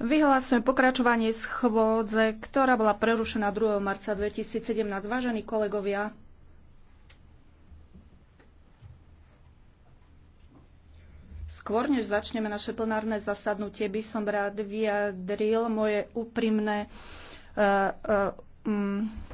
Vyhlasujem pokračovanie schôdze, ktorá bola prerušená 2. marca 2017. Vážení kolegovia, skôr než začneme naše plenárne zasadnutie, by som rád vyjadril moje úprimné uh, uh, um,